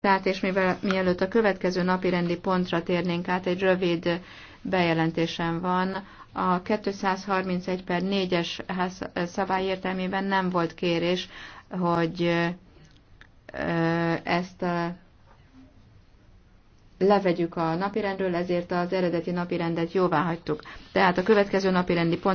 Tehát és mivel, mielőtt a következő napi rendi pontra térnénk át, egy rövid bejelentésem van. A 231 per 4-es szabály értelmében nem volt kérés, hogy ezt levegyük a napirendről, ezért az eredeti napirendet jóvá hagytuk. Tehát a következő napirendi pont